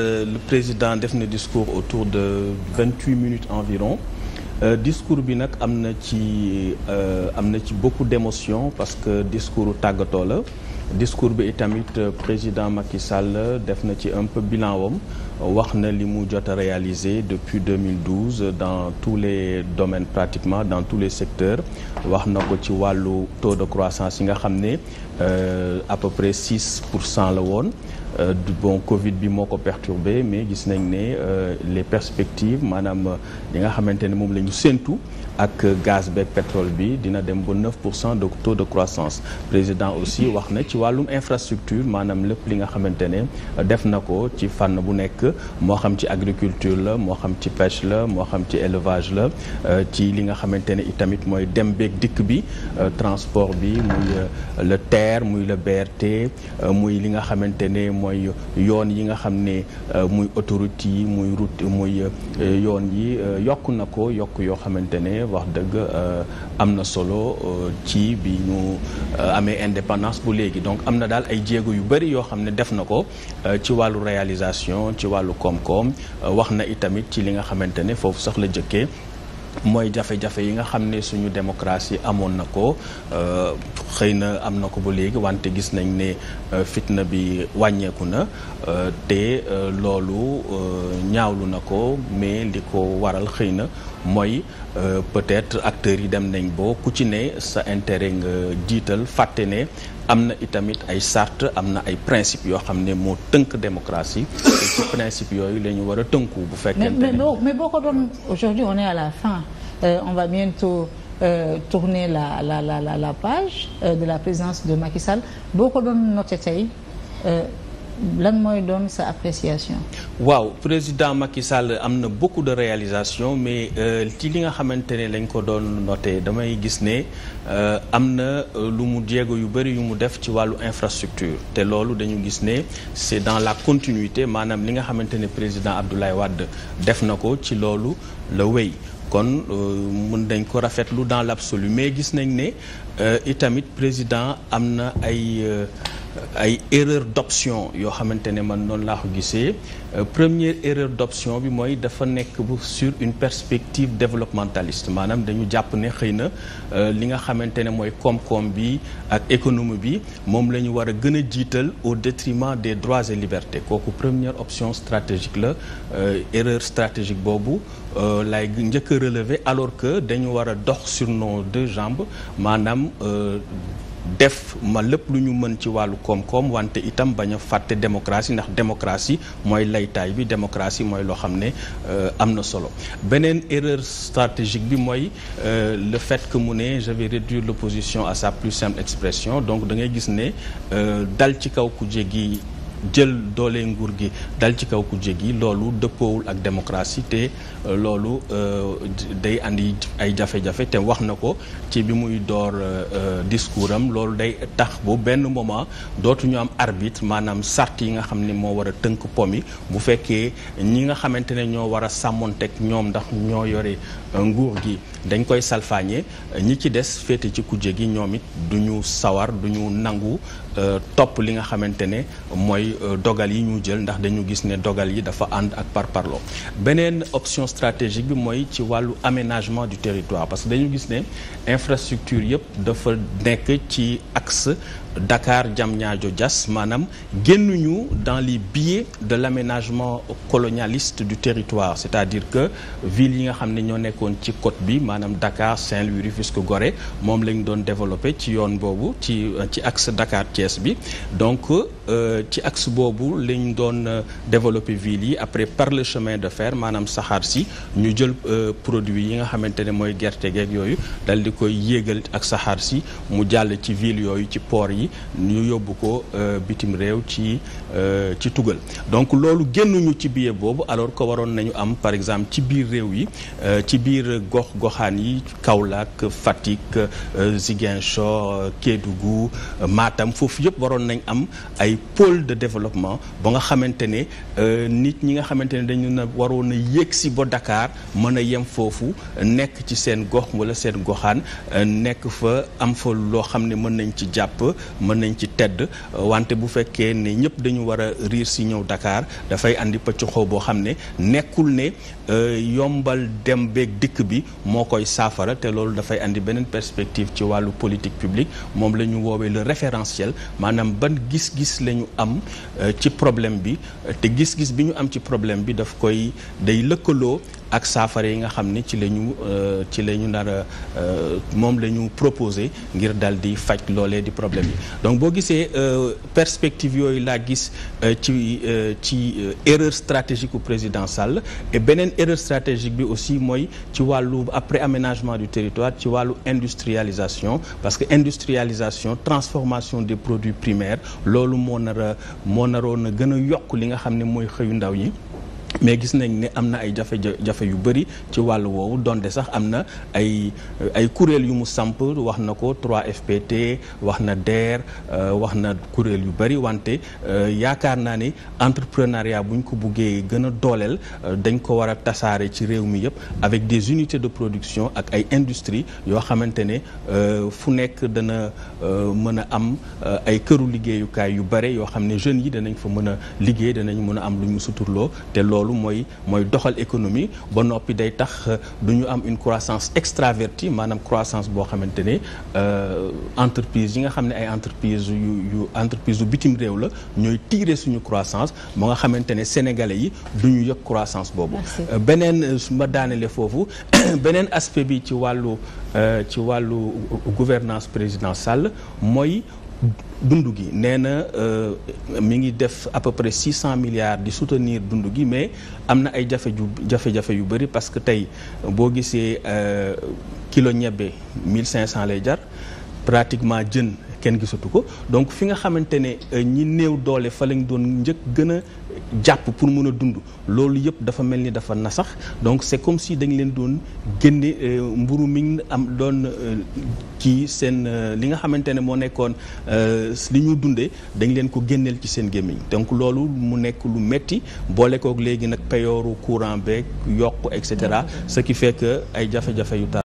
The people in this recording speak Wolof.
Euh, le président def na discours autour de vingt-huit minutes environ euh, discours bi nag am na ci euh, am na ci beaucoup d'émotion parce que discours tàggatoo la discours bi itamit euh, président Macky Sall def na ci un peu bilan wam wax na li mu jot a réalisé depuis 2012 dans tous les domaines pratiquement dans tous les secteurs wax na ko ci wàllu taux de croissance yi nga xam ne à peu près 6 pour cent la woon Euh, bon Covid bi moo ko perturbé mais gis nañ ne euh, les perspective maanaam li nga xamante ne moom la ñu séentu ak gaz beeg pétrole bi dina dem ba 9 pour cent de taux de croissance président aussi wax na ci wàllum infrastructure maanaam lépp li nga xamante ne euh, def na ko ci fànn bu nekk moo xam ci agriculture la moo xam ci pêche la moo xam ci élevage la ci li nga xamante ne itamit mooy dem beeg dikk bi transport bi muy le TER muy le BRT muy li nga xamante mooy yoon yi nga xam ne euh, muy autoroute yi muy route muy euh, yoon yi euh, yokk na ko yokk yoo xamante ne wax dëgg am na solo ci bi ñu amee indépendance bu léegi donc am na daal ay jéego yu bëri yoo xam ne def na ko ci wàllu réalisation ci wàllu koom-koom wax na itamit ci li nga xamante ne foofu sax la jëkkee mooy jafe-jafe yi nga xam ne suñu démocratie amoon na ko euh, xëy na am na ko ba léegi wante gis nañ ne euh, fitna bi wàññeeku na euh, te loolu ñaawlu na ko mais li ko waral xëy na mooy euh, peut-être acteurs yi dem nañ boo ku ci ne sa intérêt nga jiital fàtte ne am na itamit ay charte am na ay principe yoo xam ne moo tënk démocratie ci principe yooyu la ñu war a tënku bu fekkente ne mais boo ko doon aujourd'hui on est à la fin euh, on va bientôt Euh, la la la la la page euh, de la présidence de Macky Sall boo ko doon noté tey euh, lan mooy doon sa appréciation. waaw président Macky Sall am na beaucoup de réalisation mais euh, ci li nga xamante ne lañ ko doon noté damay gis ne euh, am na euh, lu mu jéego yu bëri yu mu def ci wàllu infrastructure te loolu dañu gis ne c'est dans la continuité maanaam li nga xamante ne président Abdoulaye wadd def na ko ci loolu la wéy. kon mën dañ ko rafetlu dans l'absolu mais gis nañ ne itamit président am na ay. ay erreur d'option yoo xamante ne man noonu laa ko gisee euh, première erreur d'option bi mooy dafa nekk sur une perspective développementaliste maanaam dañu jàpp ne xëy na euh, li nga xamante ne mooy koom-koom bi ak économie bi moom la ñu war a gën a jiital au détriment des droits et libertés kooku première option stratégique la euh, erreur stratégique boobu lay njëkk a relever alors que dañu war a dox sur nos deux jambes maanaam def ma lépp lu ñu mën ci wàllu koom-koom wante itam bañ a fàtte démocratie ndax démocratie mooy laytaay bi démocratie mooy loo xam ne euh, am na solo beneen erreur stratégique bi mooy euh, le fait que mu ne je vais réduire l'opposition à sa plus simple expression donc da ngay gis ne euh, dal ci kaw kuje gi jël doole nguur gi dal ci kaw kujje gi loolu dëppoowul ak démocratie te euh, loolu euh, day andi ay jafe-jafe te wax na ko ci bi muy door euh, discours am loolu day tax bu benn moment dootuñu am arbitre maanaam sart yi nga xam ni moo war a tënk pomi bu fekkee ñi nga xamante ne ñoo war a sàmmonteeg ñoom ndax ñoo yore nguur gi dañ koy salfaañe ñi ci des féete ci kujje gi ñoom it duñu sawar duñu nangu topp li nga xamante ne mooy ci euh, dogal yi ñu jël ndax dañu gis ne dogal yi dafa ànd ak par parloo beneen option stratégique bi mooy ci wàllu aménagement du territoire parce que dañu gis ne infrastructure yëpp dafa nekk ci axe Dakar Diamniadio jas maanaam génnuñu dans les biais de l'aménagement colonialiste du territoire c'est-à-dire que ville yi nga xam ne ñoo nekkoon ci côte bi maanaam Dakar Saint-Louis Rufisque gore moom lañ doon développé ci yoon boobu ci ci axe Dakar Thiès bi donc euh, ci axe boobu lañ doon euh, développé ville yi après par le chemin de fer maanaam saxaar si ñu jël euh, produit yi nga xamante ne mooy gerte geeg yooyu dal di koy yéegal ak saxaar si mu jàll ci ville yooyu ci port yi yi ñu yóbbu ko euh, bitim réew ci euh, ci tugal donc loolu génnuñu ci billet boobu alors ko waroon nañu am par exemple ci biir réew yi euh, ci biir gox goxaan yi Kaolack Fatick Ziguinchor Kédougou maatam foofu yëpp waroon nañ am ay pôle de développement ba nga xamante ne nit ñi nga xamante ne dañu na waroon a yéeg si ba Dakar mën a yem foofu nekk ci seen gox wala seen goxaan nekk fa am fa loo xam ne mën nañ ci jàpp mën nañ ci tedd wante bu fekkee ne ñëpp dañu war a riir si ñëw dakaar dafay indi pëccoxoo boo xam ne nekkul ne euh, yombal dem beeg dikk bi moo koy saafara te loolu dafay indi beneen perspective ci wàllu politique publique moom la ñu woowee le référentiel maanaam ban gis-gis lañu am euh, ci problème bi te gis-gis bi ñu am ci problème bi daf koy day lëkkaloo ak saafara yi nga xam ni ci la ñu euh, ci la ñu nar a euh, moom la ñu proposé ngir dal di faj loolee di problème yi donc boo gisee euh, perspective yooyu laa gis ci ci erreur stratégique u président Sall beneen erreur stratégique bi aussi mooy ci wàllu après aménagement du territoire ci wàllu industrialisation parce que industrialisation transformation des produits primaires loolu moo nar a moo naroon a gën a yokk li nga xam ne mooy xëyu ndaw yi mais gis nañ ne am na ay jafe-jafe yu bëri ci wàllu woowu donte sax am na ay ay kuréel yu mu samp wax na ko trois fpt wax na DER euh, wax na kuréel yu bëri wante euh, yaakaar naa ne entrepreneuriat bu ñu ko buggee gën a dooleel euh, dañ ko war a tasaare ci réew mi yëpp avec des unités de production ak ay industries yoo xamante ne fu nekk dana mën a am ay këru liggéeyukaay yu bëri yoo xam ne jeunes yi danañ fa mën a liggéey danañ mën a am lu suturloo te loolu loolu mooy mooy doxal économie ba noppi day tax euh, du ñu am une croissance extravertie maanaam croissance boo xamante ne euh, entreprise yi nga xam ne ay entreprise yu yu entreprise yu bitim réew la ñooy tiire suñu croissance ba nga xamante ne sénégalais yi du ñu yëg croissance boobu euh, beneen su ma foofu beneen aspect bi ci wàllu ci wàllu gouvernance présidentielle mooy dund gi nee na euh, mi ngi def à peu près cent milliards di soutenir dundu gi mais am na ay jafe ju jafe-jafe yu bëri parce que tey boo gisee euh, kilo ñebbe mille cinq cent lay jar pratiquement jën kenn gisatu ko donc fi nga xamante ne euh, ñi néew doole fa lañ doon njëkk gën a jàpp pour mun a dund loolu yëpp dafa mel ni dafa nasax donc c'est comme si dañ leen doon génne euh, mburu mi am doon ci euh, seen li nga xamante ne moo nekkoon li ñu dundee dañ leen ko génneel ci seen gémmiñ donc loolu mu nekk lu metti boole kook léegi nag peyooru courant beeg yokk et cetera ce qui fait que ay jafe-jafe yu tar